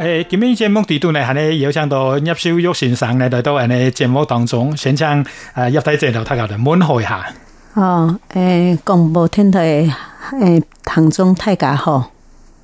誒、欸，今日節目地度咧係咧邀請到葉秀玉先生咧嚟到我哋節目當中，現場誒一睇節目，大家嚟問候一下。哦，誒、欸，廣播電台誒，唐總大家好。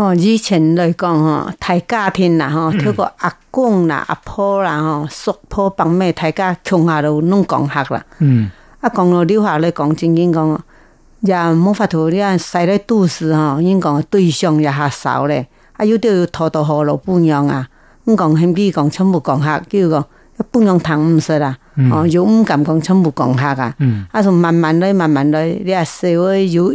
哦，以前嚟講，嗬，大家庭啦，嗬，嗰個阿公啦、阿婆啦，嗬，叔婆幫咩，大家窮下都攏講客啦。嗯。一講到樓下嚟講，正經講，又冇法度，你話晒在都市，嗬，應該講對象又吓少咧。啊，有啲要拖到河路半洋啊，咁講肯俾講全部講客，叫做一般樣談唔出啦。哦，又唔敢講全部講客噶。嗯。啊，就慢慢嚟，慢慢嚟，你話社會有。